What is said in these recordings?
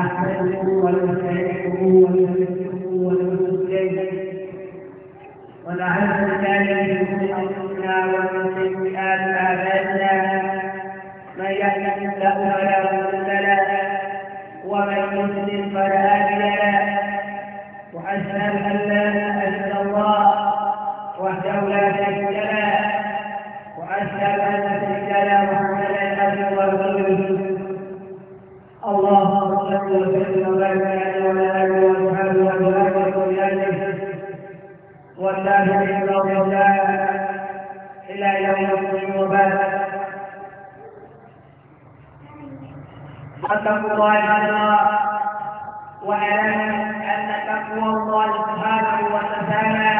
أحدكم ونسعدكم ونسعدكم ونسعدكم ونعلم كان من أنفسنا ومن سيئات من يهده الله فلا مضل له ومن يضلل فلا هادي له وأشهد أن لا إله إلا الله وحده لا شريك له وأشهد أن سيدنا محمدا عبده ورسوله الله وسلم وبارك عليه وعلى يوم الدين وبارك واتقوا الله تقوى الله سبحانه وتعالى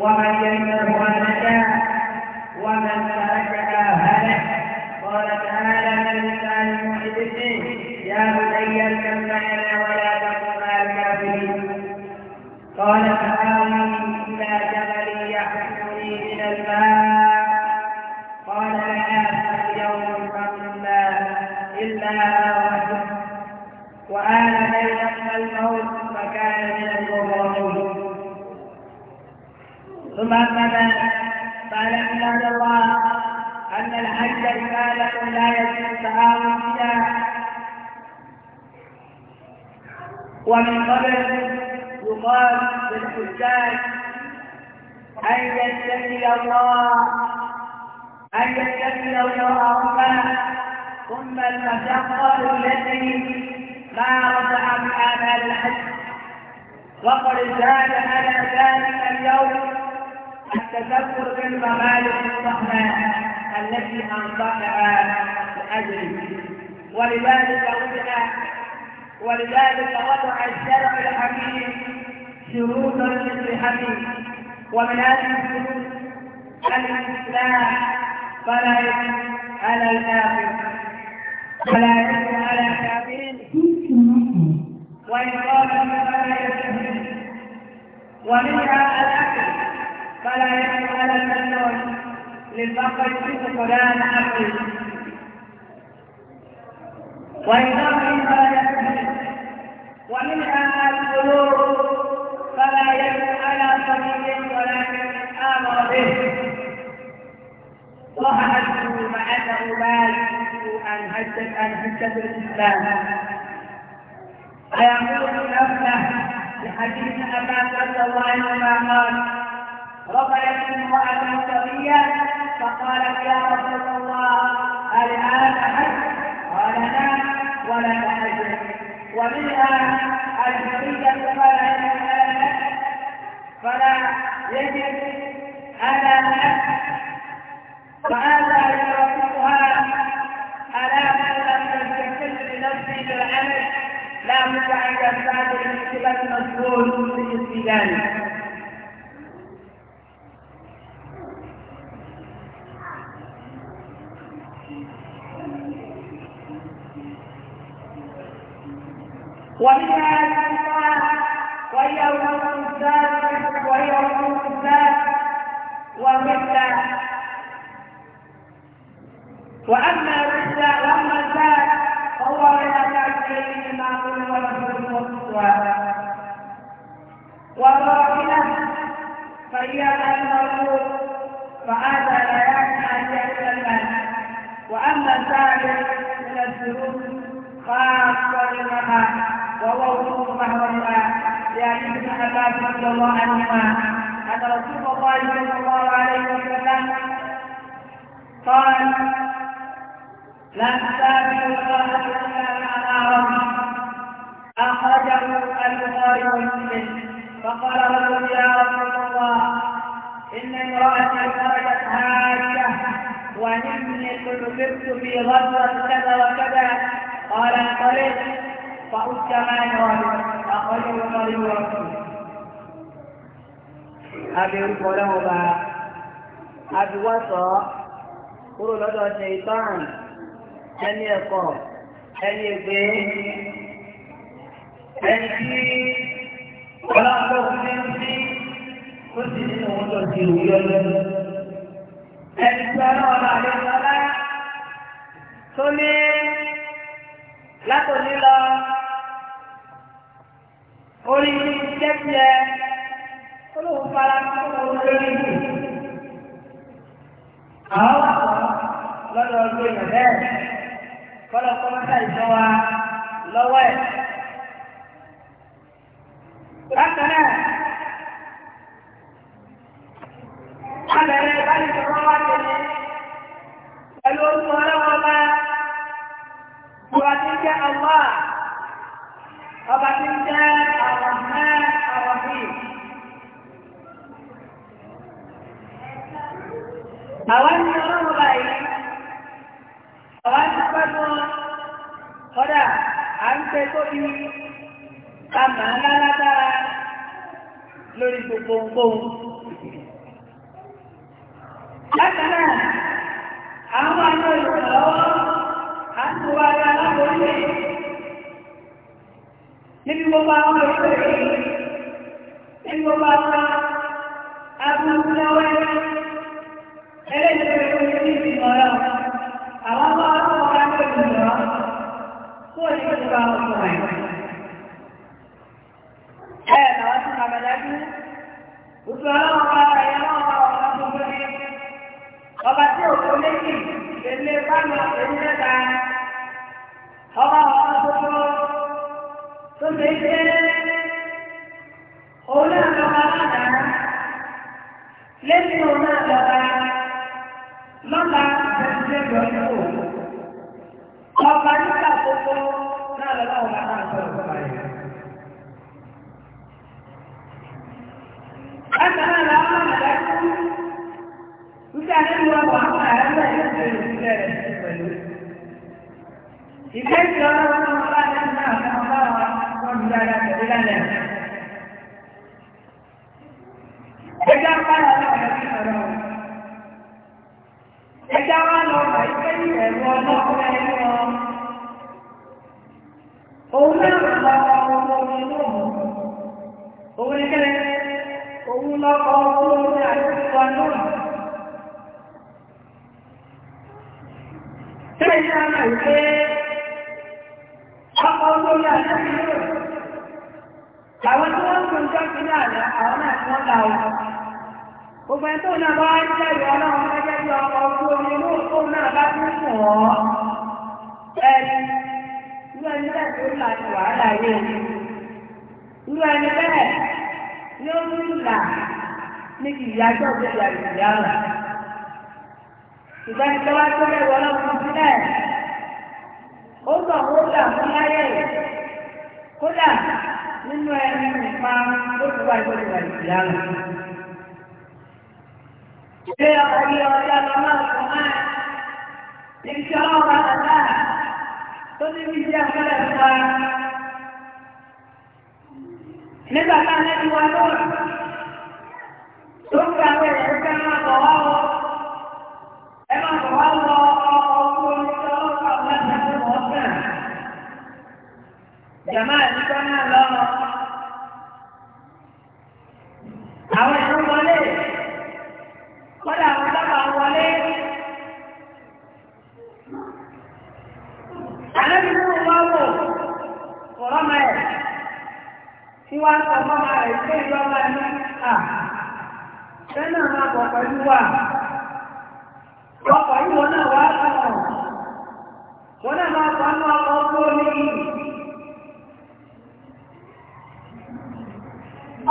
ومن يمنعها نجاه ومن تركها هلك قال تعالى يا بني اركب معنا ولا تكن مع الكافرين قال فآوي إلا جبل يحملني من الماء قال لا آخر يوم فما إلا آوته وآل بينهما الموت فكان من المغرمين ثم أما قال عباد الله أن الحج عبادة لا يجوز التعاون فيها ومن قبل يقال للحجاج أن يتقي الله أن يتقي الله ربه ثم المشقة التي ما رفع من آمال الحج وقد زاد على ذلك اليوم التذكر بالممالك الصحراء التي أنطقها لأجله ولذلك وجد ولذلك وضع الشرع الحميد شروطا للحميد ومن هذه الشروط الاسلام فلا يكون على الكافر فلا يكون على وان وإقامة فلا يكون ومنها الأكل فلا يكون على المجنون للبقر في فلان أكل وإقامة فلا يكون ومنها القلوب فلا يكون على صديق ولكن امر به وهجته مع انه بال ان هجت ان هجت الاسلام فيقول نفسه لحديث ابا رضي الله عنهما قال رفعت امراه سريه فقالت يا رسول الله الان حج قال لا ولا اجر ومنها الحرية فلا فلا يجب على نفسه وهذا يرافقها آلاف لم تستقل بنفسه بالعمل لا متعلق بعد الانتباه المسؤول في استدانه رضي الله عنهما أن رسول الله صلى الله عليه وسلم قال لا تسافر امرأة إلا على ربي أخرجه البخاري ومسلم فقال رجل يا رسول الله إن امرأتي خرجت هاجة وإني قد بت في غزوة كذا وكذا قال انطلق فأتى ما يرى أخرجه البخاري ومسلم abirúkọ ọlọ́run bá abiwọ́sọ kúrò lọ́dọ̀ ṣe ìtọ́rùn ẹni ẹ̀kọ́ ẹni ègbé ẹni tí ń sí ó sì nínú wọn lọ sí ẹni tí bá lè tó ní látòlí lọ orí jẹ́ tiẹ̀. olóhùn fara olóhùn lórí ìlú. àwọn wà wọ́n lọ́dọ̀ ọdún èèyàn bẹ́ẹ̀ kọ́lọ̀ kọ́mọ́tà ìjọ wa lọ́wọ́ ẹ̀. bákan náà abẹ̀rẹ̀ báyìí sọ̀rọ̀ wá tẹ̀lé pẹ̀lú orúkọ ọlọ́wọ́ bá Bùrọ̀dé jẹ́ ọlọ́à, ọba tí ń jẹ́ àwọn mẹ́rin àwọn bíi. àwọn ní ọlọ́run báyìí àwọn ní pẹ́lú ọ̀dà à ń pẹ́ tóbi ká màá lálágbára lórí gbogbo ohun. Bákan náà, àwọn àna ìrànlọ́wọ́ á ń wá ara láborí níbi gbogbo àwọn ìròyìn níbi gbogbo àwọn abúlé ṣùgbọ́n lẹ́yìn òun náà pé ọkọ̀ olórí àjọ́sí lóòrùn. Àwọn tí wọ́n ń pè sí náà àwọn náà tí wọ́n ta Gbogbo ẹni tó náà bá wá jẹ́rìí ọlọ́run gẹ́gẹ́ bí ọkọ̀ ojú omi lóòótọ́ náà bá tún sùn ọ́. Ẹni irú ẹni bẹ́ẹ̀ tó ń la ti ní kì í yájọ́ gbogbo ó gbà wọ́n gbà fún láyé rẹ̀ kódà nínú ẹni nípa ló ti wá ìwé ìwà ìdílé àná. ṣé ọ̀rẹ́ ọjà lọ máa sọ máa níbi tí ọlọ́run bá ta dáa tó ní bí ìdí àkọlẹ̀ fún wa. nígbà tá a lẹ́nu wa lọ́wọ́ tó ń gba àwọn jàmá ìdíkọ́ náà lọ́rọ̀. Àwọn ìlú wọlé, kọ́dà àwọn sábà wọlé. Àlejò tó wá wò, ọ̀rọ̀ máa ẹ̀. Tí wá ń sọ fọ́nà rẹ̀ pé ìlú ọba ní à. Sẹ́nà máa bọ̀ pẹ̀lú wa.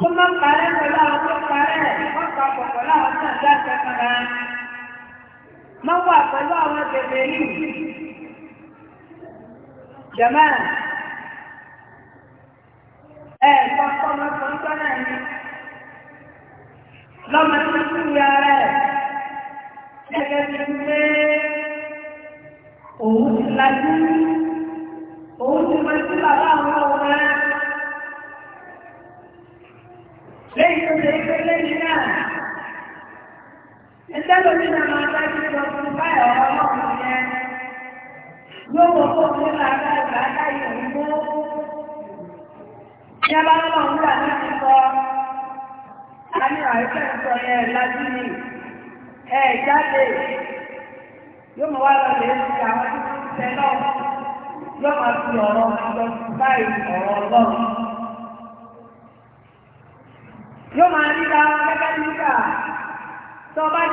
ó má parẹ́ pẹ̀lú àwọn tó parẹ́ wọ́n pa pọ̀pọ̀ láwọn náà dáṣẹ́ kanra má wà pẹ̀lú àwọn bèbè yìí jẹ̀mọ́ ẹ̀ kọ́kọ́ mọ́tò ń tọ́ náà lọ́mọ tó kú ya rẹ̀ gẹ́gẹ́ bí pé òun ti lajú.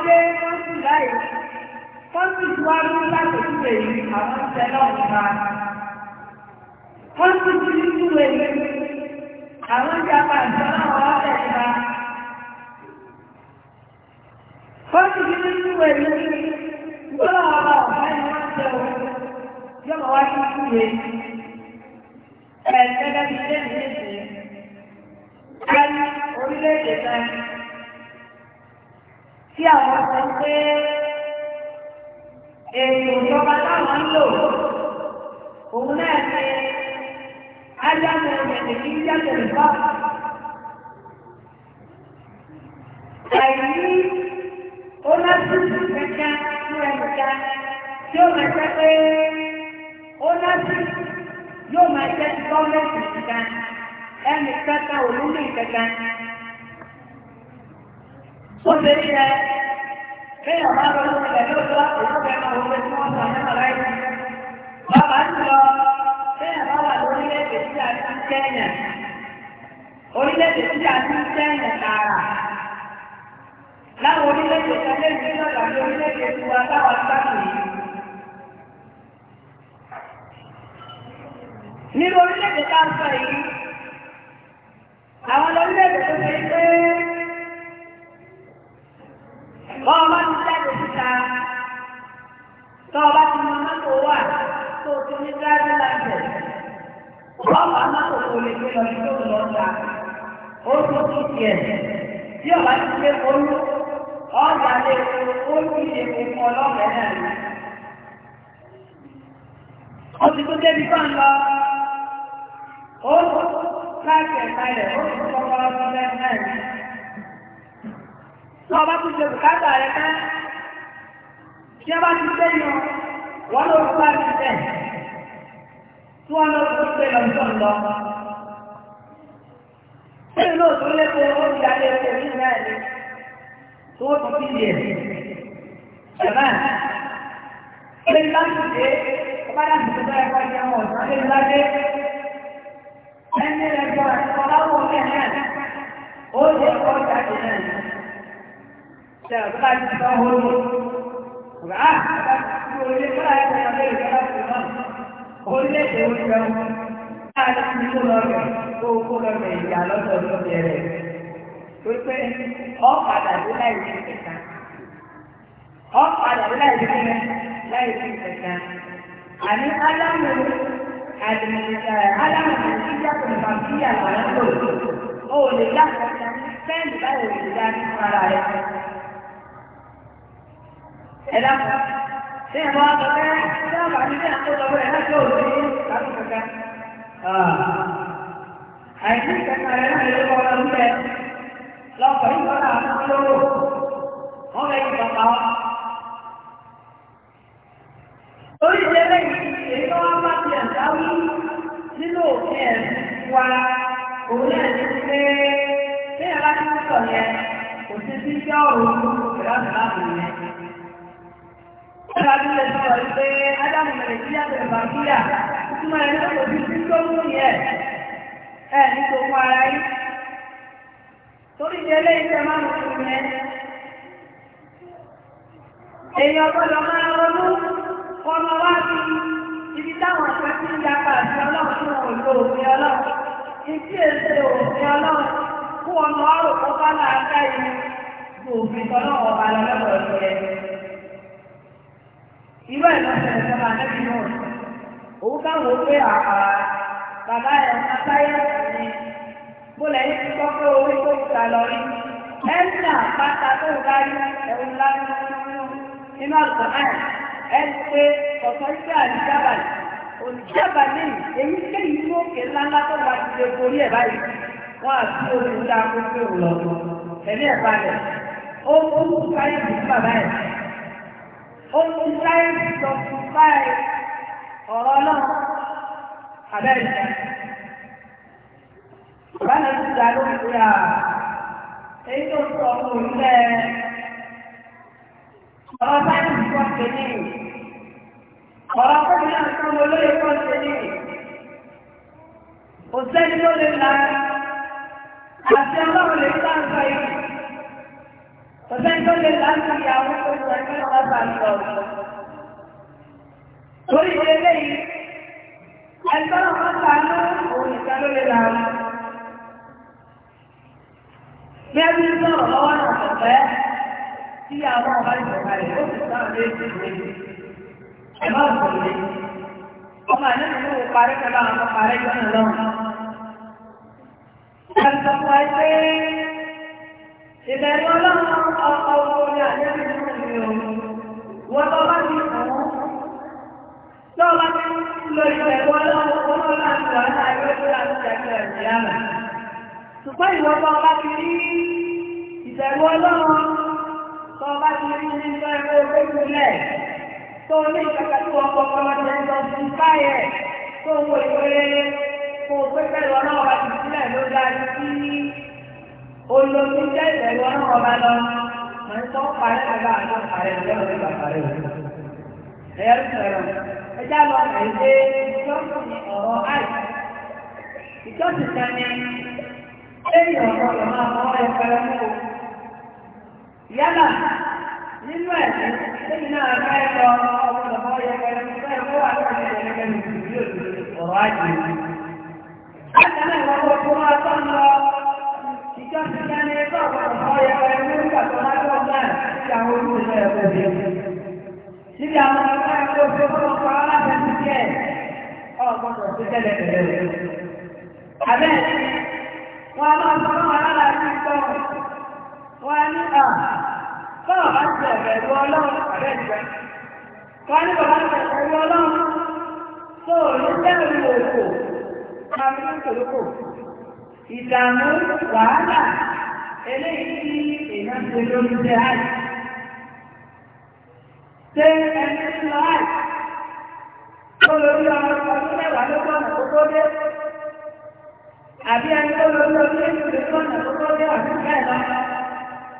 pé wọ́n láì wọ́n sì wá ní láti ìwé yìí àwọn ìṣẹ́ náà nípa. Wọ́n sì tún ní ìwé yìí àwọn ìjàmbá ìjọ náà wọ́n tẹ̀ nípa. Wọ́n sì tún ní ìwé yìí gbọ́dọ̀ ọ̀la ọ̀gá wọ́n ṣe o yóò wá sí ìwé. Ẹ̀ẹ́dẹ́gbẹ́sí lé ní èsì. Ká ní orílẹ̀-èdè tí àwọn sọ pé ètò ìjọba táwọn ń lò òun náà ṣe ájáde ẹ̀jẹ̀ kí jáde ìbá. Àìní ó lásìkò kẹta ní ẹ̀ka tí ó máa jẹ́ pé ó lásìkò yóò máa jẹ́ gọ́ọ̀mẹ̀ntì kẹta ẹnì kẹta òun ní ó ní orílẹ̀-èdè tí ń sọ yìí àwọn orílẹ̀-èdè tó ṣe pé yẹ tí ọba ti gbé olú ọjà lé olú ìdè fún ọlọ́rẹ̀ náà ni. ó ti tó débi kan lọ ó káàkiri ẹ̀ka náà tó lẹ́kọ̀ọ́ owó ti dalẹ̀ ẹsẹ̀ nínú náà ni tó tó fi lè ṣàmà ilé ńlá ti dé ọba láti tó bẹ́ẹ̀ kọ́ ìyá wọn ọ̀sán ilé ńlá dé ẹni ẹjọ́ ọláwọ̀ ọ̀lẹ́ náà ó lè kọ́ jáde náà ni ṣe ọ̀gá ti sọ owó lò ọ̀gá àti ọ̀gá ti kú orílẹ̀-èdè ọ̀lẹ́ ìjọba ìjọba orílẹ̀-èdè orílẹ̀-èdè láti ní kó lọ rẹ̀ kó kó lọ rẹ̀ ìyá lọ́dọ̀ lọ́dọ̀ rẹ̀ pépé ọ̀padà dé láì ní kẹta ọ̀padà dé láì ní kẹta láì ní kẹta àní aláwọ̀ àdìmọ̀lẹ́sà aláwọ̀ nàìjíríà kò ní bàbí àwọn àlọ́ ò lè yá kẹta fẹ́ẹ̀lì báyìí ò lè yá nípa ara rẹ̀ ẹ̀dá kan ṣé ìwọ àgbẹ̀ bẹ́ẹ̀ ṣé àbájú bẹ́ẹ̀ àkójọ bẹ́ẹ̀ láti òòlù yìí láti àìsí ìkẹta rẹ̀ náà lè lọ́wọ́ ọ̀rọ̀ ńlẹ̀ lọ́pọ̀ yìí lọ́la àwọn olówó wọ́n lè yí bàbá wa. torí ìdí eléyìí èyí tó wá bá ti ẹ̀dá wí nínú òfin ẹ̀sìn wa òun náà ní pé bí ẹ̀ bá ti ń sọ̀ yẹn kò sí sí jẹ́ ọ̀rọ̀ ìrọ̀lẹ́ láti yẹn. Ìgbà tí ó lè sọ̀rọ̀ pé Ádámù Nàìjíríà tẹ̀lé Bàbíyà súnmọ́ ẹ lọ́pọ̀ sí sí mú yẹn ẹ ní kò mú ara yín torí ti eléyìí tẹ máa ń sùn yẹn èèyàn gbọ́dọ̀ máa ronú ọmọ wá sí ibi táwọn kan ti ń dapà sí ọlọ́run tí wọn ò lo òfin ọlọ́run ìdí èsè òfin ọlọ́run kó ọmọ ọrùn kó bá máa dá ìlú ju òfin tọ́lọ́wọ́ ọba lọ́wọ́ ìlú ẹ̀. irú ẹ̀ lọ́sẹ̀ ẹ̀sẹ̀ máa òun káwọn pé àpàrà bàbá ẹ̀ sátáyé ní bólẹ̀ yìí ti kọ́ pé orí tó gbà lọ rí ẹ̀ńtà pátá tó ń darí ẹ̀hún lánàá nínú àgbà náà ẹ̀ń pé ọ̀sán ìgbà àdìjábà òdìjábà ní èyí kéyìí tó kè ńláńlá tó wà ti lè borí ẹ̀ báyìí wọ́n á sí orí ńlá kó pé òun lọ ẹ̀mí ẹ̀ balẹ̀ ó ń kú sáyẹ̀dì fún bàbá ẹ̀ ó ń kú sáyẹ̀dì sọ fún báyìí ọ̀rọ̀ náà abẹ́rẹ́ ìjà. Bàbá náà ti dá lórí ìgbéra. Èyí tó sọ ọmọ òlúlẹ̀ ọ̀rọ̀ sáyẹ́ǹsì kan ṣe ní ìlú. Ọ̀rọ̀ kọ́bí náà sọ ọmọ olóyè kan ṣe ní ìlú. ló lè la àti ọlọ́run lè gbá nǹkan yìí. Òṣèlú ló lè la ń fi àwọn olùwẹ̀mí bá ń lọ torí ṣe léyìí ẹgbẹ́ ọmọ sàánú òun ìta ló lè ra wọn. bí a bí ń sọ̀rọ̀ lọ́wọ́ náà ọ̀fẹ́ tí àwọn ọba ìjọba rẹ̀ ó sì sáà lé sí ìwé ẹ̀ má sọ̀rọ̀ lé. ọmọ àná nínú parí kẹlá àwọn parí gbọ́nà lọ́wọ́. Àtàkùn àìsè ìbẹ̀rù ọlọ́run ọkọ̀ òun ni àyẹ̀wò ìṣòro. Wọ́n lọ́wọ́ bá ti lọ ìfẹ́ wọn lọ́wọ́ wọn lọ́wọ́ láti lọ láti ẹgbẹ́ tó láti ṣàkíyà sí àmà. ṣùgbọ́n ìwọ bá ọba ti rí ìbẹ̀rù ọlọ́run tó ọba ti rí nínú ẹgbẹ́ ogbó ìpínlẹ̀ tó ní ìkàkà tó ọkọ̀ ọmọdé ń lọ sí báyẹ̀ tó ń wo jẹ́ ìbẹ̀rù ọlọ́run ọba lọ. mọ̀ ń tọ́ parẹ́ àgbà àgbà parẹ́ ìbẹ̀rù ọlọ́run bàbá ẹ̀yẹ́rì sọ̀rọ̀ ẹjá lọ ẹ̀yẹ́ ìjọsìn ọ̀rọ̀ àìsí ìjọsìn sani lẹ́yìn ọ̀rọ̀ ọ̀rọ̀ máa mọ́ mú o yálà nínú ẹ̀sìn lẹ́yìn náà ẹ̀fẹ́ lọ ọ̀rọ̀ ọ̀rọ̀ mọ́ ẹ̀fẹ́rẹ́ mú bẹ́ẹ̀ mú wà lọ́wọ́ ẹ̀fẹ́rẹ́ mú ọ̀rọ̀ àìsí. láti náà ìwọ́n kò tó máa tọ́ lọ ìjọsìn sani ẹ̀fẹ́ ọ̀rọ̀ mọ́ ẹ̀fẹ́rẹ́ mú níbi àwọn ọmọ ẹgbẹ́ òfin ọmọ ọkọ̀ aláṣẹ ti jẹ́ ọgbọ́dọ̀ tó tẹ́lẹ̀ tẹ́lẹ̀ rẹ̀. Àbẹ́ wọn máa sọ fún wọn lára ní ìtọ́ wọn ní à bọ́ọ̀ bá ti ọ̀rẹ́ ìlú ọlọ́run àbẹ́ ìgbà. Wọ́n ní bàbá ti ọ̀rẹ́ ìlú ọlọ́run tó ní tẹ́lẹ̀ òkò àbí kòlókò. Ìdààmú wàhálà eléyìí tí èèyàn ti lórí jẹ́ àìsí ṣé ẹni tó lórí ọdún ẹni tó lórí ọ̀nà tó tó dé àbí bẹ́ẹ̀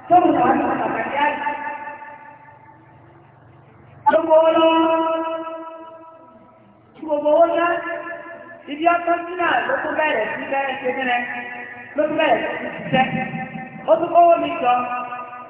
tó mú wọn ní pàtàkì àyè. Gbogbo owó gbogbo owó yá, ibi ọtọ́ sí náà ló tún bẹ̀rẹ̀ sí bẹ́ẹ̀ ṣe nílẹ̀, ló tún bẹ̀rẹ̀ sí ṣiṣẹ́. Ó tún kówó mi jọ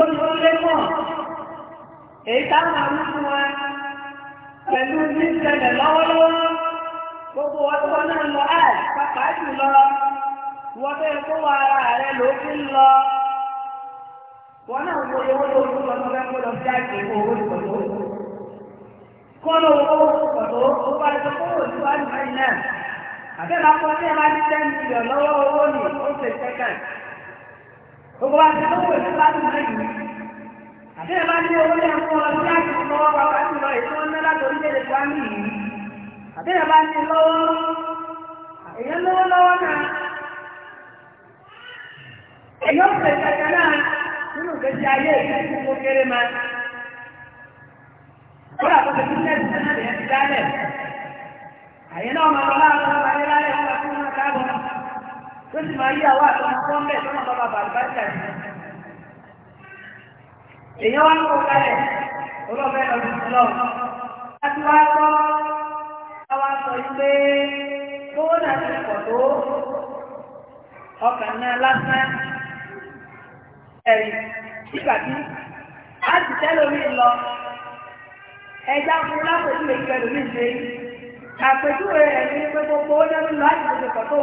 olùdókòwò ọjọ́ náà lọ áì pàpà jùlọ wọ́n fẹ́ kó wa ara rẹ lókun lọ wọ́n náà wo owó tó kú lọ sọ́fẹ́ kó lọ sí àjò owó ìkọ̀tọ́ kọ́nà owó ìkọ̀tọ́ owó àjọ kó wò sí gbogbo wa ti lówó ìlú bá dùn lẹ́yìn àti ẹ̀ bá ní owó ní ẹ̀kọ́ ọdún láti lọ́wọ́ wa wá sí lọ èyí wọ́n ná láti orílẹ̀-èdè wa ní ìlú àti ẹ̀ bá ní lọ́wọ́ èyí lówó lọ́wọ́ náà èyí ó pè náà nínú ìgbésí ayé ìgbésí tó kéré máa kódà tó ti fi ní náà tó sì máa yí àwọn àtọ́nà tó ń bẹ̀ tó náà bàbá àlùbáṣà yìí. èèyàn wá ń kó kalẹ̀ olóòfẹ́ lọ sí lọ. láti wá gbọ́ àwa sọ pé owó náà ti pọ̀ tó ọkàn náà lásán ẹ̀rí nígbà tí a ti tẹ́lẹ̀ omi lọ ẹja fún lápẹ̀jú lè gbẹ̀rù mi ṣe àpèjúwe ẹ̀rí pé gbogbo ó dẹ́nu lọ àti gbogbo pọ̀ tó.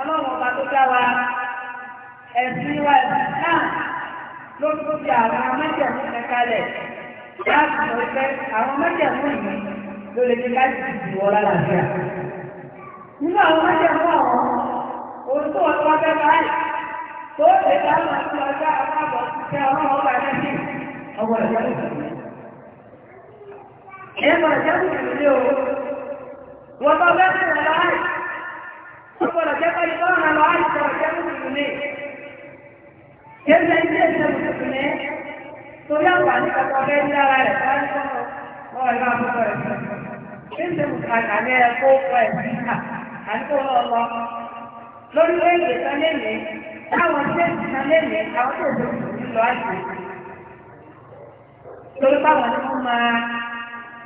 ọlọ́run ọba tó dá wa ẹ̀sìn wa ẹ̀sìn náà ló tó fi àwọn mẹ́jẹ̀mú kẹkalẹ̀ láti sọ pé àwọn mẹ́jẹ̀mú yìí ló lè fi láti dìbò wọn lálàáfíà. nínú àwọn mẹ́jẹ̀mú àwọn orúkọ ọ̀tún ọjọ́ báyìí tó lè dá wọn sí ọjọ́ àwọn àbọ̀ sí ọlọ́run ọba lẹ́sìn ọwọ́ ẹ̀jẹ̀ lọ́sọ̀rọ̀. ẹ̀rọ ìjẹ́kùn ìlú o wọ́n bá bẹ́ẹ̀ gbọ́dọ̀ jẹ́ pẹ́lú tó ràn lọ àti gbọ́dọ̀ jẹ́ mùsùlùmí. Jẹ́sẹ̀ ilé ìṣẹ́ mùsùlùmí torí àǹfààní kọ̀ọ̀kan ọ̀gẹ́ ní ara rẹ̀ wá ní sọ́nà ọ̀rọ̀ ìlú àbúkọ̀ rẹ̀. Jẹ́sẹ̀ mùsùlùmí àgbẹ̀ ẹ̀kọ́ ọkọ̀ ẹ̀ síkà àdúgbò lọ́wọ́ lórí orílẹ̀-èdè kan lélẹ̀ táwọn ṣẹ́ẹ̀sì kan lélẹ̀ àwọn tó dùn lọ àìsàn. Torí báwọn ni wọ́n máa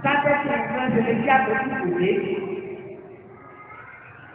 sáfẹ́sì ìgbọ́n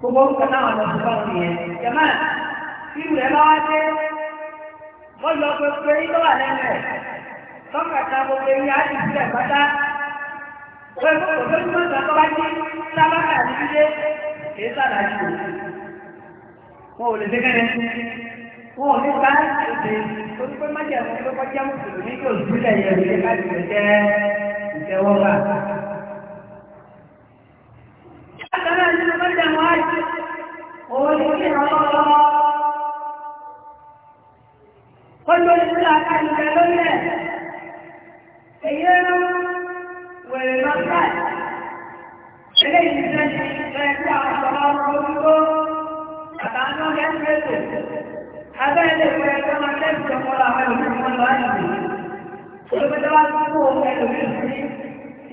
gbogbo nǹkan náà lọ sí báwọn yẹn jẹmọ tí ìwé bá wá dé wọn lọ pépé tó wà lẹ́nu ẹ tọkàtà gbogbo ẹ̀yìn ti sílẹ̀ pátá wọn kò tó ní mọta tó bá ní dídé kìí sàdá jù wọn ò lè dé kẹrẹ wọn ò ní bá èdè torí pé májèmú pé kọjá mùsùlùmí tó sílẹ̀ yẹn lè ká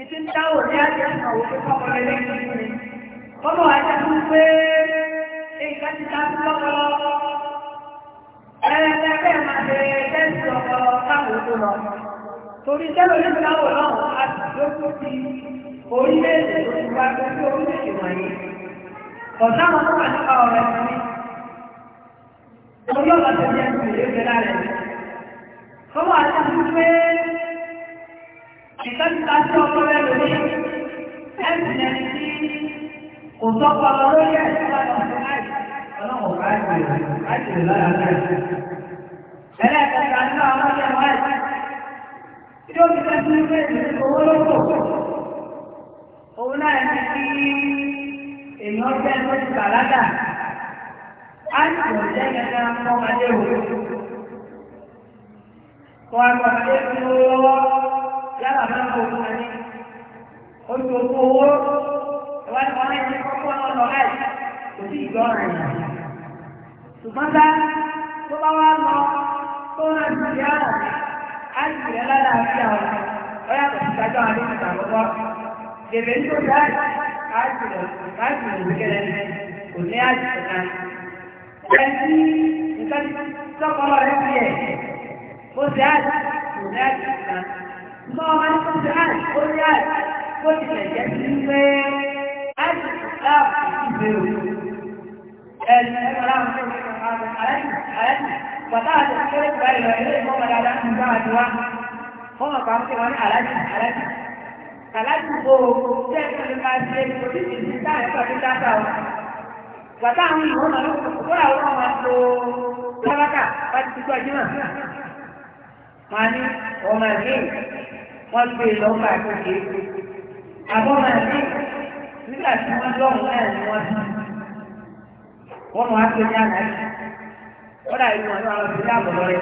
Ìtí ń dáwò ní àjẹ́ àwọn òṣèpọ̀ ọmọ ẹlẹ́gbẹ̀ẹ́. Ọmọ àjẹ́ fún pé kẹ́sì Torí kẹ́lò ní ìdáwò náà a sì lókún sí orílẹ̀-èdè tó ti wá lórí orílẹ̀-èdè wọ̀nyí. Ọ̀tá tó wà nípa ọ̀rọ̀ ẹ̀sìn ní. Orí ọ̀gá tó jẹ́ ìpìlẹ̀ ìgbẹ́ lára ẹ̀. Kọ́mọ̀ àti àti pé ìkẹ́sì káàkiri ọpọlọ ẹ̀rọ ní ẹ̀sìn ẹni kò sọ́kọ̀ lọ lórí ẹ̀sìn láti ọlọ́run bá ìbèrè láti rè lára rẹ̀. ẹlẹ́ẹ̀kẹta nínú àwọn ọjọ́ ìwà ẹ̀ tí ó fi fẹ́ fún ilé ìdílé owó lóko òun náà ní kí èèyàn fẹ́ tó ti bàlágà á sì wọ́n jẹ́ gẹ́gẹ́ ọmọdé òun. kọ́ àgbàdo tí ó lọ́wọ́ yálà máa ń bọ̀ fún ẹni oṣù owó ìwádìí wọn ní kókó ọlọ́ọ̀ láì kò sí ìgbọ́ràn yàrá ṣùgbọ́n bá tó bá wá lọ tó rẹ̀ sí ìyá rẹ̀ á sì rẹ̀ lára àti àwọn ọ̀yà tó ti dájọ́ àdé ìgbà lọ́wọ́. Bèbè ń tó dá káàkiri káàkiri ìgbékẹ̀lẹ̀ kò ní àjùkọ̀ náà. Ẹ tí nǹkan sọ́kọ̀ọ́ rẹ̀ fi ẹ̀ ó ti àjù kò ní àjùkọ̀ náà. Mọ ọmọ ní kó ti àjù ó ní àjù kó ti lẹ̀ jẹ́ sí pé àjùkọ̀ náà kò ti bẹ̀rù. Wàtáàtì tí ó rí ìgbà ń bá àjúwá. Fọ́mọ̀ kan tí wọ́n ní aláàjì, aláàjì. Aláàjì kò tẹ́ ìpínlẹ̀ máa ṣe oríṣìí ní táàrí pàdé dáta o. Wàtáàtì ìwọ́n náà ló kó àwọn ọmọ tó tálákà bá ti gbọ́ wọ́n mọ̀ á ti ní àná yìí wọ́n dà ìlú ọ̀dọ́ àwọn ìdílé àbọ̀ lọ́rẹ́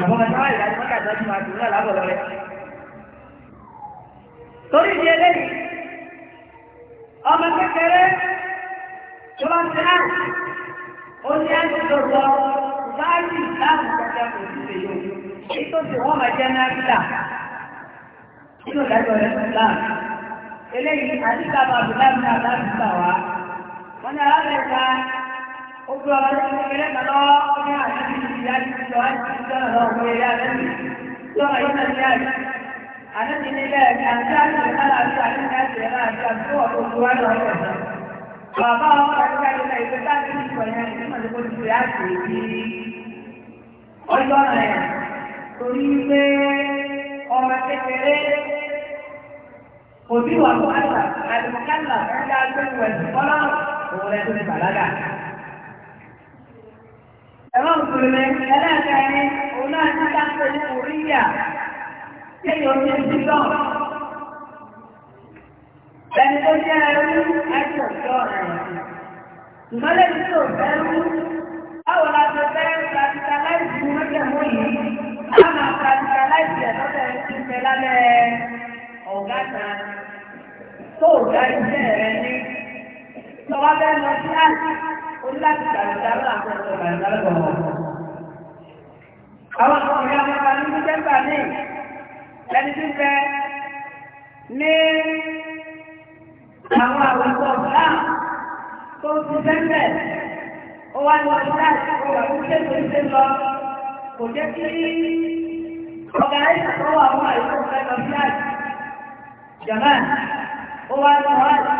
àwọn ọmọ ìdáwà ìdájọ́ wọ́n dàgbà ju àti ìlú àlábọ̀ lọ́rẹ́ torí di eléyìí ọmọ kékeré tó bá ti náà ó ní àti lọ́wọ́ báyìí láti kọjá kò sí lè yọ èyí tó ti wọ́n máa jẹ́ náà nílà nínú ìdájọ́ rẹ̀ láà eléyìí àti ìdábàbò láti wọ́n ní arábìnrin kan ó gbé ọmọ tó ti kéré kan lọ́wọ́ ó ní àdébí ìyá ti sọ àti sọ́nà lọ́wọ́ pé ìyá àdébí tí ọmọ yìí náà ní àyè àdébí ní ilé ẹ̀ka àti àti ìkálà àti àti àti ẹ̀rọ àti àti wọ́n tó wá lọ sí ọ̀sán. bàbá ọmọ rẹ̀ ká ló lẹ́yìn pé táàbí ti òbí wà fún àgbà àti kálà ń ọlọ́run òun lẹ́nu ti bàlágà. ẹ̀rọ ìpínlẹ̀ ẹlẹ́ẹ̀kẹ́ ẹni òun náà ti dáko ní oríyà kéèyàn ti ń dídọ̀. ẹni tó jẹ́ ẹrú ẹ̀jẹ̀ òjò rẹ̀. ìmọ̀lẹ́ ti tó ẹrú báwo la ti fẹ́ kapitaláìsì mọ́jẹ̀mú yìí a máa kapitaláìsì ẹ̀ lọ́dọ̀ ẹ̀ ti fẹ́ lálẹ́ ọ̀gá kan tó ọ̀gá iṣẹ́ rẹ̀ ní tọ́wọ́ bẹ́ẹ̀ lọ sí àjì oníláti gbàgbàgbà àwọn àti ọ̀gbàgbà lọ́wọ́. Àwọn ọ̀rẹ́ ọmọba ní Dẹ́mbà ní ẹni tí fẹ́ ní àwọn àwùjọ ọ̀gá tó ti bẹ́ẹ̀ ó wá lọ sí àjì ọ̀gá tó ṣe tó ṣe lọ kò jẹ́ kí ọ̀gá ìṣàkọ́wọ́ àwọn àìsàn fẹ́ lọ sí àjì. Jàmáà ó wá lọ wá àjì.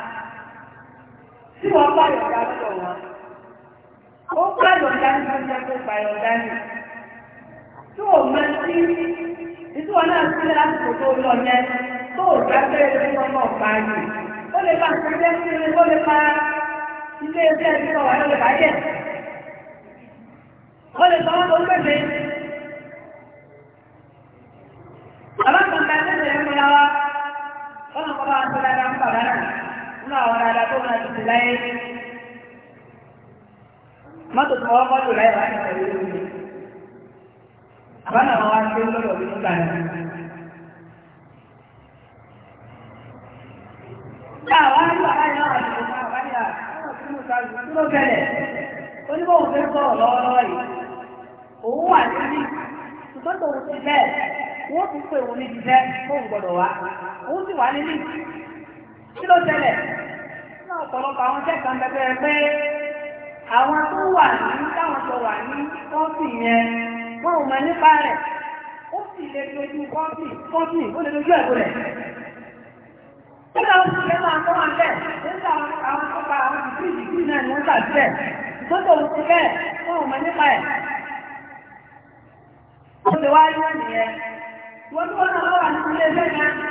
tí wọ́n bá yọ̀ọ̀dá lọ́dọ̀ wọn. Ó bá yọ̀ọ̀dá ní ọjọ́ tó gba yọ̀ọ̀dá ni. Tí ò mọ sí ìtú wọn náà lásìkò tó lọ yẹn tó ò dábẹ́ ilé ọmọ ọ̀gbà yìí. Ó lè bá ìṣẹ́jẹ́ sílé, ó lè bá ilé ẹgbẹ́ ẹgbẹ́ ọ̀wá ló lè bá Ó lè sọ wọn tó ń pèsè. Àbákan ta ẹgbẹ́ ìṣẹ́jẹ́ ń pẹ́ra wa, ó lọ kọ́ bá wa sọ dáadáa ń pàdánù nínú àwọn dáadáa tó máa tètè láyé mọ́tò tó wọ́n mọ́tò láyé wá ní ìtẹ̀lé lórí àbáná wọn wá sí olóòrò mi nígbà náà. Náà wá ní bàbá yẹn wà ní ìlú bàbá yẹn àwọn tí mo sá lù tí mo bẹ̀rẹ̀ onímọ̀wò fẹ́ sọ̀rọ̀ lọ́wọ́lọ́wọ́ yìí òun wà níbí ṣùgbọ́n tòun ti bẹ́ẹ̀ wọ́n ti pè òun níbi bẹ́ẹ̀ fóun gbọ́dọ̀ wá òun sì wà níbí kí ló tẹ̀lẹ̀ ní ọ̀pọ̀lọpọ̀ àwọn iṣẹ́ kan bẹ̀rẹ̀ pé àwọn tó wà ní táwọn tó wà ní kọ́ọ̀sì yẹn wọ́n ò mọ̀ nípa rẹ̀ ó sì lè dojú kọ́ọ̀sì kọ́ọ̀sì ó lè dojú ẹ̀kọ́ rẹ̀. Nígbà wọn ti lè máa tó wọn bẹ́ẹ̀ nígbà àwọn tó àwọn dìgírì dìgírì náà ni wọ́n gbà sílẹ̀ ìtọ́jú òun ti bẹ́ẹ̀ wọ́n ò mọ̀ nípa ẹ̀. Ó lè wá rí nìyẹn. Ìwọ́n tó wọn náà wà ní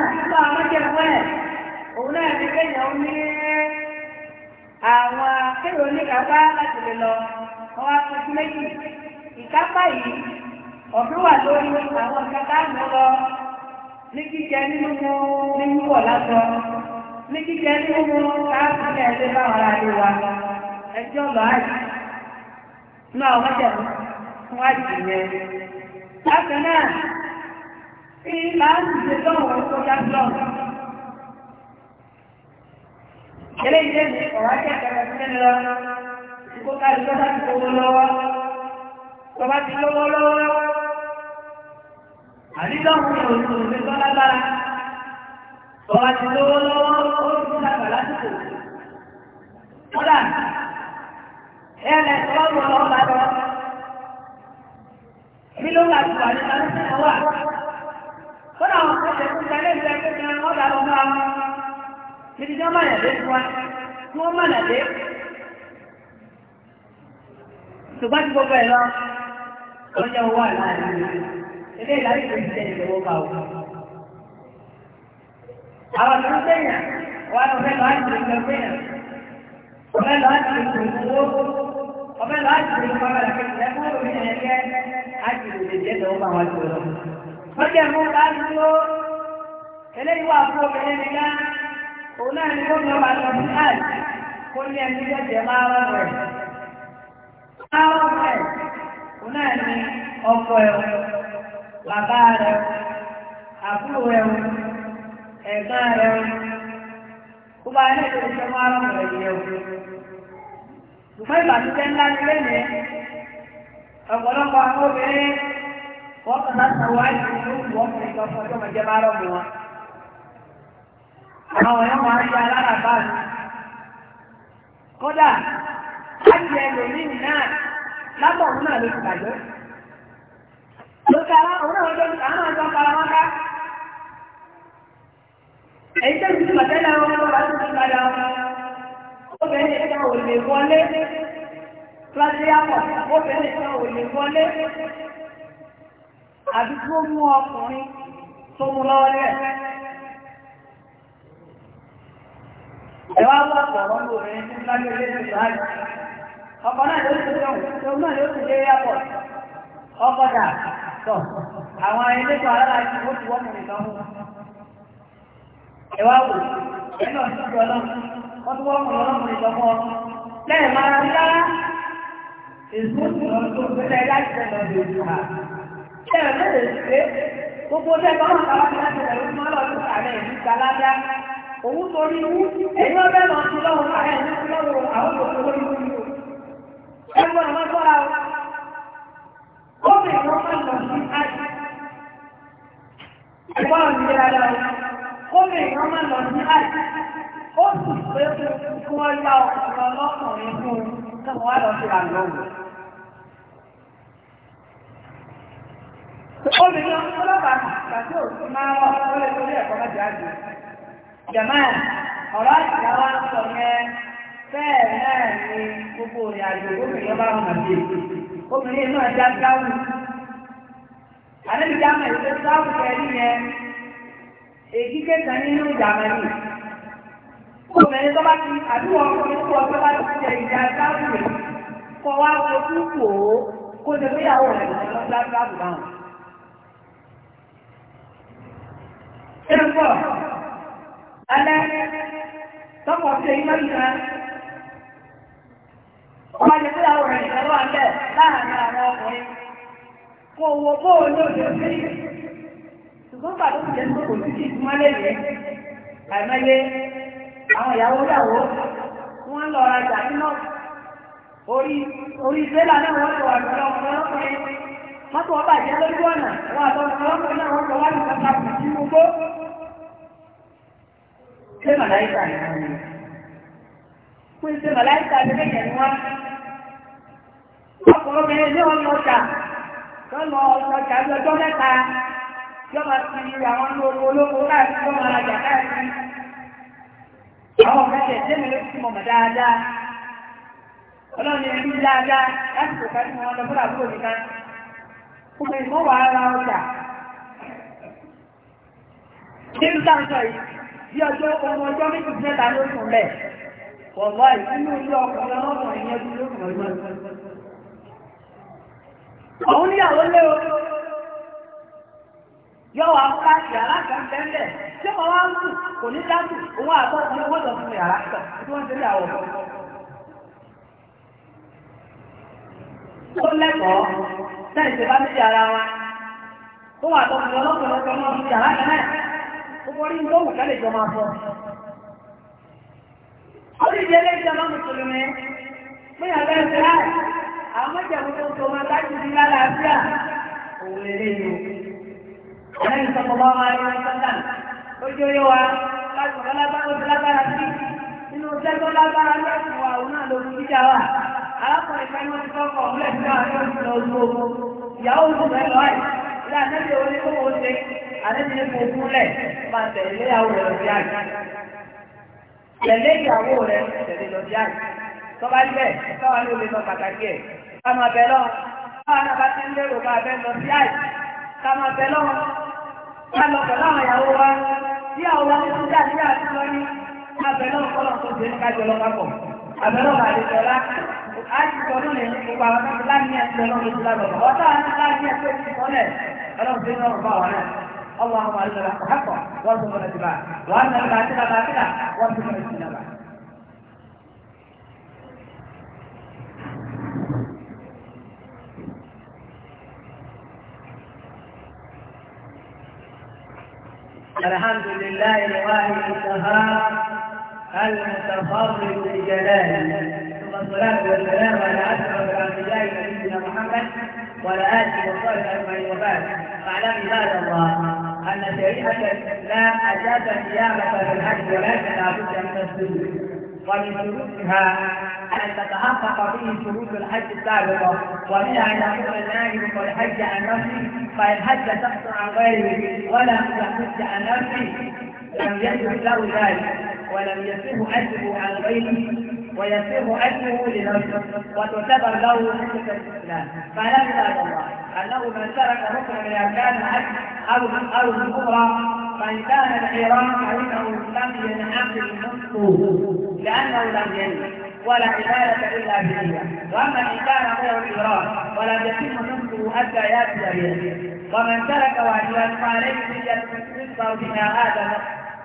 náà nípa àmọ́jẹ̀mọ́ ẹ̀ òun náà ní kéèyàn ní àwọn kéèyàn oníkápá láti lè lọ wọn wá fún sí méjì ìkápá yìí ọ̀fin wà lórí àwọn kàkà àmọ́ lọ ní jíjẹ nínú ní wíwọ̀ lásán ní jíjẹ nínú káàkiri ẹ̀dẹ́ báwọn aráàlú wa ẹjọ́ àjì fún àjì yẹn. bákan náà kí láti ṣe lọ́wọ́ tó yá lọ́wọ́. Ilé ìjẹ́ mi ọ̀rọ̀ ajé àgbẹ̀rẹ̀ fún ẹni lọ, ìkó ká ìjọ bá ti kówó lọ́wọ́. Tó bá ti lówó lọ́wọ́, àdídọ́hùn ní òṣù mi tó lágbára. Tó bá ti lówó lọ́wọ́, ó ti dàgbà lásìkò. Kódà, ẹ̀ẹ́lẹ̀ tó bá wọ̀ lọ́wọ́ bá lọ. Bí ló wà ti wà ní ọdún tó wà? kọ́nà àwọn ọ̀sẹ̀ tó ṣẹlẹ̀ ìṣẹ́ pé ilé ìlàrí ìlú ìṣẹ́ ìṣòwò bá wà. àwọn tó ń sẹ́yìn wà lọ fẹ́ lọ láti lè lọ sẹ́yìn ọ̀fẹ́ lọ láti lè lọ owó ọ̀fẹ́ lọ láti lè lọ ọ̀fẹ́ lọ láti lè lọ ọ̀fẹ́ lọ láti lè lọ ọ̀fẹ́ lọ láti lè lọ ọ̀fẹ́ lọ mọ́jẹ̀mú lájúlọ eléyìí wà fún obìnrin nìkan òun náà ni gómìnà wà lọ sí àì kó ní ẹni jẹ́jẹ́ máa rán rẹ̀ ni ọkọ ẹ̀ bàbá rẹ̀ àbúrò ẹ̀ ẹ̀gbọ́n rẹ̀ kó bá ní ìlú ìṣẹ́ máa rán rẹ̀ yẹ̀ ni lẹ́yìn ọ̀pọ̀lọpọ̀ àwọn obìnrin wọ́n kàn máa san wáyé lóògùn wọ́n kàn lọ fọjọ́ máa jẹ́ bá rọ̀mù wọn. àwọn máa ń ya alára mi. kódà láti na náà lábọ̀ òun náà ló ti bàjẹ́. lókè àwọn òun náà àwọn àjọ ká. èyí tó ti padà wọn. obìnrin kan ò lè àbí mú ọkùnrin tó mú lọ́wọ́ rẹ̀. Ẹ wá wá pọ̀rọ̀ rẹ̀ ní láyé ilé ìsáàjì. Ọkọ̀ náà ló ti náà ló ti yàpọ̀. Ọkọ̀ dà tọ̀, àwọn ti ó ti mú. wò, náà ti ọlọ́run, wọ́n ti wọ́pọ̀ ọlọ́run nìkan mú ọ. Lẹ́yìn máa ń dá èso ìrọ̀lọ́dún pẹ̀lú ẹ̀ láti ọdún ìjọba. ṣé ẹ̀rọ lè ṣe gbogbo ṣẹ́ bá wọn kàwá nígbà tó ẹ̀rọ máa lọ sí àlẹ́ ìlú gbalada òun torí wú ẹ̀yin ọbẹ̀ lọ sí lọ́wọ́ láàrin ẹ̀yìn sí lọ́wọ́ àwọn òṣèlú lórí wú yìí ẹgbẹ́ ọmọ gbọ́ra ó bẹ̀ wọ́n máa lọ sí àjẹ́ ẹgbẹ́ ọ̀rọ̀ ìlera lọ ó bẹ̀ wọ́n máa lọ sí àjẹ́ ó sì pé kí wọ́n yá ọkùnrin ọlọ́kùnrin fún un káwọn wá lọ sí àlọ́ olùyọ ọlọ́pàá tàbí òkú máa wọ ọlẹ́ torí ẹ̀kọ́ má jáde jamaa ọ̀rọ̀ àtìyá wa ń sọ yẹn bẹ́ẹ̀ náà ni gbogbo òyìn àjò obìnrin bá wọn àti obìnrin náà já dáwù àdébìjà máa ìwé dáwù kẹrí yẹn èyí kẹta nínú ìjàmbá ni obìnrin tó bá ti àdúgbò ọkùnrin tó ọjọ́ bá ti jẹ ìjà dáwù rẹ̀ kọ́ wá wọ́n kú kò ó kó lè gbéyàwó rẹ̀ lọ́dún dáwù báwọn. bọ̀ alẹ́ tọ́pọ̀ ṣe iná ìta ọmọ ìjẹ́ àwọn ọkùnrin kò ní òjò sí ṣùgbọ́n jẹ́ kò sí àìmọye àwọn ìyàwó yàwó wọ́n lọ nínú orí orí náà wọ́n lọ mọ́tò ọba lójú ọ̀nà wọ́n àtọ́ náà wọ́n lọ wá ṣé màláìkà ni wọ́n ni pé ṣé màláìkà ni lẹ́yìn ni wọ́n ọkùnrin obìnrin ní ọ̀nà ọjà lọ́nà ọjà ní ọjọ́ mẹ́ta yọba ti àwọn olówó olówó káàkiri ọmọ alájà káàkiri àwọn ọ̀gá ẹ̀ ṣé mi ló mọ̀ dáadáa ọlọ́run ẹ̀rí dáadáa láti kò kájú wọn lọ bọ́lá búrò nìkan kò mọ̀ ìmọ̀wà ara ọjà. Ṣé ń sáńsọ yìí? bí ọjọ́ ọmọ ọjọ́ méjì mẹ́ta ló sùn lẹ̀ wọ̀lọ́ ìsinú ilé ọkùnrin ọlọ́kùnrin yẹn dúró sùn lọ́jọ́ òun níyàwó lé o yọ wà fúláṣì aláṣà ń bẹ́ńbẹ́ tí ọmọ wa ń sùn kò ní dáàbò òun àtọ́ ní owó fún yàrá sọ tí wọ́n ti rí àwọn ọmọ tó lẹ́kọ̀ọ́ náà ìṣèbá méjì ara wa òun àtọ́ ní ọlọ́kùnrin ọkùnrin ọmọ yàrá kan náà gbogbo orí lówù lálejò máa bọ̀. ó sì di eléyìí ọmọ mùsùlùmí fún ìyàgbẹ́ ẹ̀sẹ̀ láì àwọn mọ́jàmú máa láti di lálàáfíà òun lè lè lò. lẹ́yìn sọ́kọ̀ bá máa yọ sọ́dà ojú yóò wá láti ọ̀gá lágbára sí nínú sẹ́gbọ́ lágbára lẹ́sùn wa òun náà lórí jíjà wa arákùnrin kan ní wọ́n ti kọ́kọ́ ọ̀gbẹ́sẹ̀ àwọn ọ̀gbẹ́sẹ̀ lọ́wọ́ ìyàwó òun lọ́wọ́ tá ànábì òní kó wọ́n ṣe ànábì ní kò gúnlẹ̀ máa tẹ̀lé ìyàwó rẹ̀ lọ sí àná. Tẹ̀lé ìyàwó rẹ̀ tẹ̀lé lọ sí àná. Tọ́ba jẹ́ káwa ló lè lọ pàtàkì ẹ̀. Ká máa bẹ lọ. Káwa náà bá ti ń lérò bá abẹ́ lọ sí àì. Ká máa bẹ lọ. Ká lọ pẹ̀lú àwọn ìyàwó wa. Bí àwọn wa ti ń dá sí àti lọ ní. Ká bẹ lọ kọ́lọ̀ tó ṣe ní kájọ lọ papọ̀. Àbẹ̀lọ́ bàdìsọ̀lá. Àìsíkọ̀ọ́nù ní gbogbo àwọn láàrin ẹ̀sìn lọ́wọ́ الأرضين أربعة نعم. اللهم أرنا الحق حقا وارزقنا اتباعه وأرنا الباطل باطلا وارزقنا اجتنابه الحمد لله الواحد القهار المتفرد بجلاله والصلاه والسلام على اشرف الانبياء سيدنا محمد والآتي والصالح أجمعين وبعد فاعلم عباد الله أن شريعة الإسلام أساسا قيامة بالحج ولكن لابد من السجود ومن شروطها أن تتحقق فيه شروط الحج السابقة ومنها أن يكون النائم والحج عن نفسه فإن حج شخص عن غيره ولا يحج عن نفسه لم يجب له ذلك ولم يصح أجره عن غيره ويسر أجره لنفسه وتعتبر له حجة الإسلام فلا إله الله أنه من ترك ركن من أركان الحج أو أو الكبرى فإن كان الحيران فإنه لم ينعقد نفسه لأنه لم ينجح ولا عبادة إلا بالله وأما إن كان غير الإيران ولا يتم نصفه حتى يأتي به ومن ترك واجبا فعليه نية نصفه بما هذا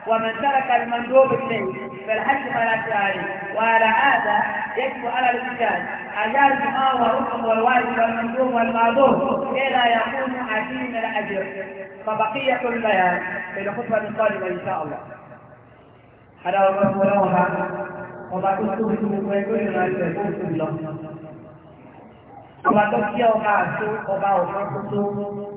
ومن ترك المندوب منه فالحج فلا شاري وعلى هذا يجب على الرجال اجار ما هو الركن والواجب والمندوب والمعذور اذا يكون عديم الاجر فبقية البيان في الخطبة القادمة ان شاء الله. حدا وقف ولوها وما كنت ويقول ما يقول الله. وما تبكي وما اكتب وما اكتب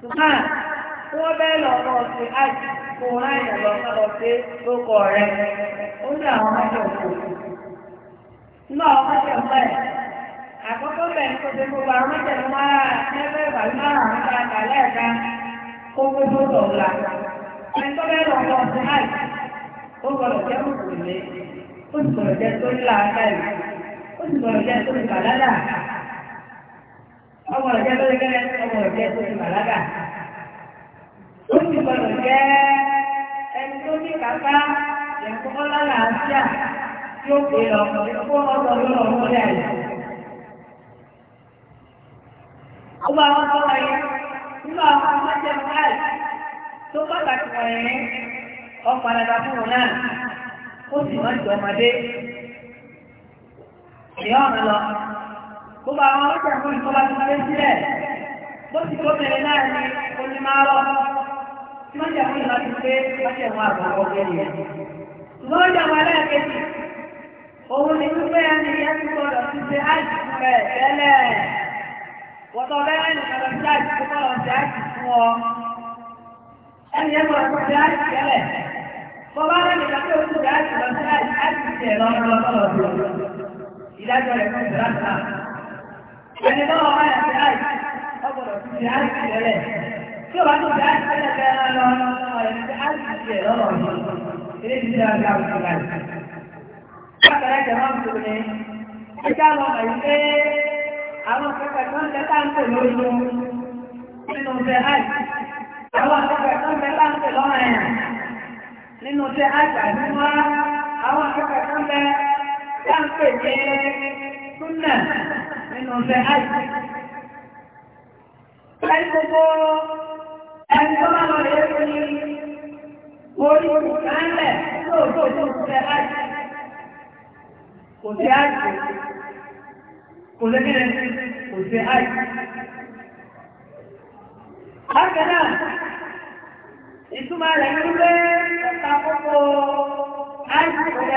ṣùgbọ́n tí wọ́n bẹ́ẹ̀ lọ lọ sí àjì kó wọn lọ sọ lọ sí lóko ọ̀rẹ́ ó ní àwọn ọmọdé òkú nínú àwọn ọmọdé ọ̀pẹ àkọ́kọ́ bẹ́ẹ̀ ni kò ṣe gbogbo àwọn ọmọdé máa ẹgbẹ́ ìbàlú máa rà nípa àgbàlẹ́ ẹ̀ka kó gbogbo tó la ẹni tó bẹ́ẹ̀ lọ lọ sí àjì ó gbọdọ̀ jẹ́ òkú ilé ó sì gbọdọ̀ jẹ́ tó ń la ọmọ ìjẹ́ pẹ́lẹ́pẹ́lẹ́ ọmọ ìjẹ́ tó ti bàlágà ó ti gbọdọ̀ jẹ́ ẹni tó ní kápá ẹ̀kọ́ lálàáfíà tí ó pè lọ kó ọ̀sọ̀ lọ́rọ̀ lórí àìsàn. ó bá wọn sọ wáyé nínú àwọn ọmọdé báyìí tó pàtàkì wọ̀nyí ọkọ̀ àdàdà fún wọn náà ó sì máa ń jọ ọmọdé ìyá ọ̀nà lọ gbogbo àwọn ọlọ́jà fún ìtọ́ba tó máa lé sílẹ̀ bó ti tó bẹ̀rẹ̀ náà ni oní máa rọ tí wọ́n jẹ́ fún ìlànà ti pé wọ́n jẹ́ wọn àgbà ọ̀gẹ́ yẹn. ṣùgbọ́n wọ́n jẹ́ wọn aláìkejì òun ni wípé ẹni yẹn ti gbọdọ̀ ti ṣe àìsí rẹ̀ tẹ́lẹ̀ wọ́tọ̀ bẹ́ẹ̀ ni kàlọ́ sí àìsí tó kọ́ lọ àìsí fún ọ. ẹni yẹn gbọdọ̀ ti ṣe àìsí tẹ́lẹ̀ bọ́bá rẹ̀ nìkan pé oṣù rẹ̀ àìsí lọ sí àìsí tẹ̀ lọ́wọ́ ìdájọ́ rẹ̀ fún ìdájọ́ ẹni náà máa yà àì ọgbọ̀dọ̀ sí ti àì sí ẹlẹ̀ tí ó bá tó ti àì sí ẹlẹ̀ kẹrin lọ ọ̀rẹ́ ti àì sí ẹ̀ lọ́rọ̀ yìí eré ti dára sí àwọn ọ̀gá yìí. bákan ẹ̀jẹ̀ máa ń tó ní ẹjá lọ mọ̀ pé àwọn akẹ́kọ̀ọ́ tó ń tẹ́tà ń tè lórí nínú tẹ àì àwọn akẹ́kọ̀ọ́ tó ń tẹ́tà ń tè nínú tẹ àì àti àwọn akẹ́kọ̀ọ́ tó ń tẹ́ nínú rẹ̀ ń gbé ọ̀pá àìsí kò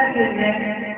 yẹ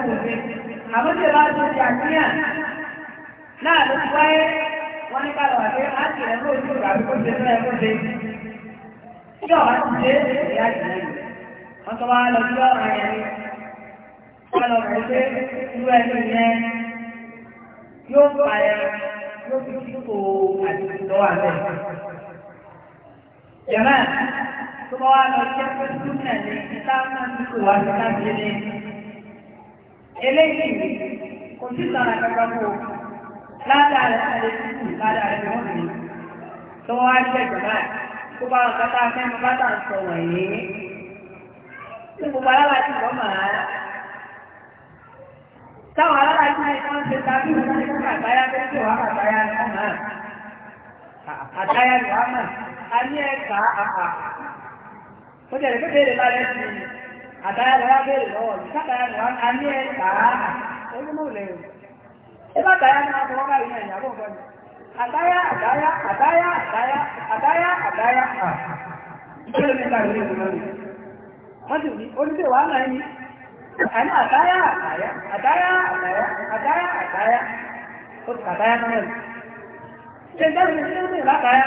kò sí àmójú ìbá tó ti àkíyàn náà ló ti wáyé wọ́n ní kálọ̀ àti láti ẹ̀rọ ojú ìgbà tó ṣe fẹ́ kó ṣe tí ọ̀rá ti ṣe ìyá ìlú wọ́n tó wá lọ sí ọ̀rọ̀ yẹn ni wọ́n lọ kó ṣe irú ẹni yẹn yóò fà ẹ̀ yóò fi kíkó àti ìtọ́wà bẹ́ẹ̀. Jẹ̀mẹ́ tó bá wá lọ sí ẹgbẹ́ súnmọ̀ ní ìta máa ń kíkó wá sí káàkiri eléyìí kò sí ìtara kankan kó ládàá rẹ̀ àlẹ́ títù ládàá rẹ̀ wọ́n ní tó wá jẹ́ jọ̀lá tó bá wọn kátà fẹ́mi bátà ń sọ wọ̀nyí ní gbogbo alára ti wọ́n mà á táwọn alára ti náà ìtàn ṣe tàbí ìwọ́n náà ní kókò àtàyà tó ń tẹ̀ wá àtàyà ní wọ́n mà á àtàyà ní wọ́n mà á ní ẹ̀ka àhà ó jẹ̀rẹ̀ pé bẹ́ẹ̀ lè bá rẹ̀ sí i àtàyà lọ́wọ́ bẹ̀rẹ̀ lọ́wọ́ ìsàtàyà lọ́wọ́ a ní ẹ̀ tààrà ojúmọ́ ò lẹ́yìn ẹgbẹ́ àtàyà ni wọ́n fọwọ́ báyìí náà ìyàbọ̀ nǹkan ni àtàyà àtàyà àtàyà àtàyà àtàyà àtàyà ìṣẹ́lẹ̀ nípa ìwé ìwé lórí wọ́n sì ní oníṣẹ́ wàá náà ní àní àtàyà àtàyà àtàyà àtàyà àtàyà àtàyà ó ti àtàyà náà rẹ̀ ṣe ìdáhùn ìṣẹ́lẹ̀ nípa àtàyà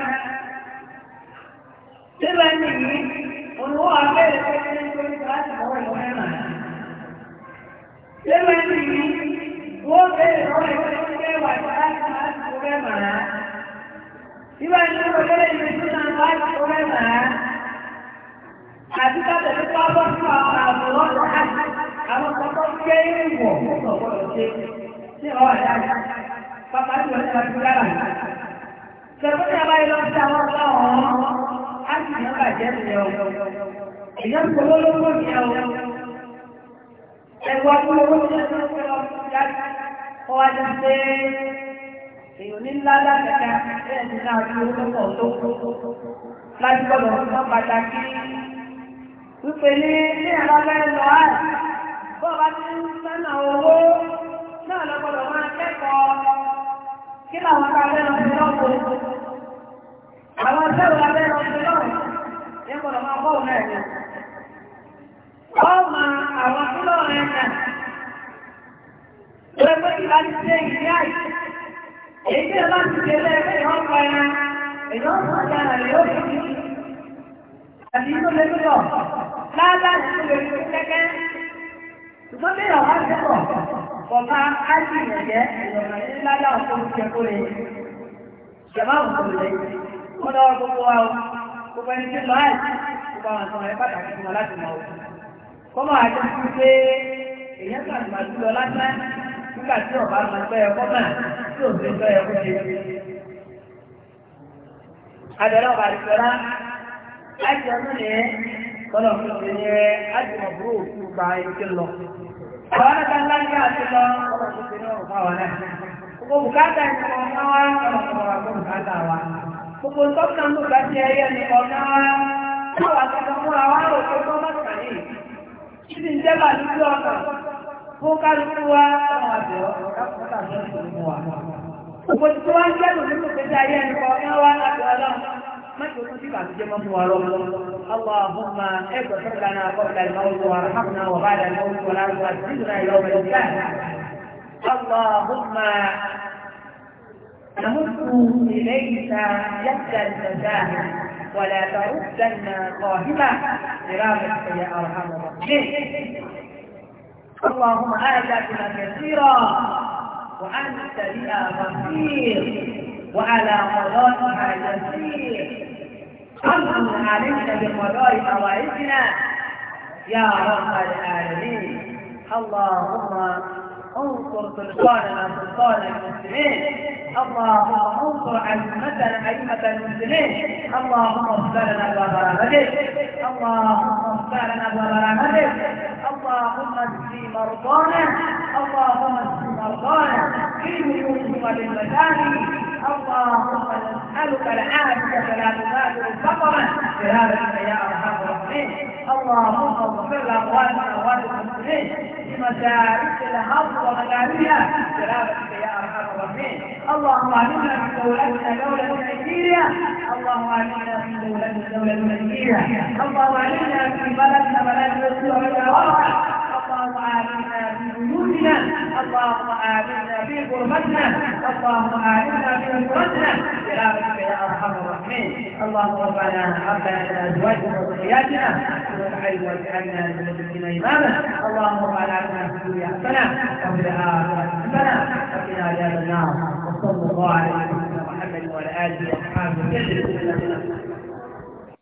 ṣé lọ ẹni yìí olùwọ́ àwọn àbúrò láti àwọn kọ́kọ́ gbé ìwọ̀ fún ọ̀gbọ́dọ̀ ṣe sí ọ̀ Pàpàdé wọn ti wá sí lára. Ṣèkúnṣe àbáyé lọ sí ájì láti gbọ́dọ̀ fún pàtàkì wípé ní ní ẹ̀rọ bẹ́ẹ̀ lọ bọ́ bá ti ń sẹ́nà owó náà lọ́gbọ́dọ̀ máa kẹ́kọ̀ọ́ kí làwọn ká lẹ́nu lọ́gbọ̀ọ́ àwọn sẹ́rù abẹ́rẹ́ ọ̀sẹ̀ náà ní gbọ́dọ̀ máa rẹ̀ náà. Ìwé rẹ̀ ó lọ́wọ́ gbogbo wa o gbogbo ẹni tí lọ àìsí gbogbo àwọn àtọmọ ẹ pàtàkì fún wọn láti mọ o kọ́mọ àti fún pé èyàn kan ìgbà tí lọ lásán nígbà tí ọba máa gbẹ ẹ̀kọ́ náà tí ò sí gbẹ ẹ̀kọ́ ṣe. àbẹ̀rẹ̀ ọba àdìsọ́lá láti ọdún yẹn kọ́nà fún mi ní láti mọ̀ búrò òkú gba ètò àwọn ọ̀nàkà ńlá ní àti lọ kọ́nà fún mi ní ọ̀rùn náà. gbogbo bùkátà ìfọwọ́n wá kọ́nà fún ọ̀rọ̀ àgbọ̀ bùkátà wa gbogbo tọ́kàn ló bá ti ẹyẹ ní ọ̀nà ara táwọn akẹ́kọ̀ọ́ fún àwọn àròkọ tó má kàní títí ń jẹ́bà lójú ọ̀nà fún kálukú wa ọmọ àbẹ̀ Gbogbo tí wọ́n ń gbẹ́rù nínú pẹ̀lú ayé ẹni wa rọ́mọ́. اللهم تمد إليك يد المزاحم ولا تردن قائمة برحمتك يا أرحم الراحمين اللهم آتنا كثيرا وأنت بها غفير وعلى قضائها يسير أنزل عليك بقضاء حوائجنا يا رب العالمين اللهم انصر سلطاننا سلطان المسلمين اللهم انصر عزمتنا أئمة المسلمين اللهم اغفر لنا وبرامتك اللهم اغفر لنا وبرامتك اللهم اشف مرضانا اللهم اشف مرضانا في بيوتهم وللمساجد اللهم نسألك العافية لا تبادر سفرا في هذا يا أرحم الراحمين اللهم اغفر لأموالنا وأموال المسلمين في بمشارق الأرض ومغاربها برحمتك يا أرحم الراحمين اللهم علمنا من دولتنا دولة نيجيريا اللهم علمنا من دولتنا دولة نيجيريا اللهم علمنا في بلدنا بلد يسوع الأواقع بيوتنا اللهم آمنا في غربتنا اللهم آمنا في غربتنا برحمتك يا أرحم الراحمين اللهم ربنا هب لنا أزواجنا وذرياتنا قرة عين واجعلنا للمسلمين إماما اللهم اجعل عنا في الدنيا حسنة وفي الآخرة حسنة وقنا عذاب النار وصلى الله على سيدنا محمد وعلى آله وأصحابه وسلم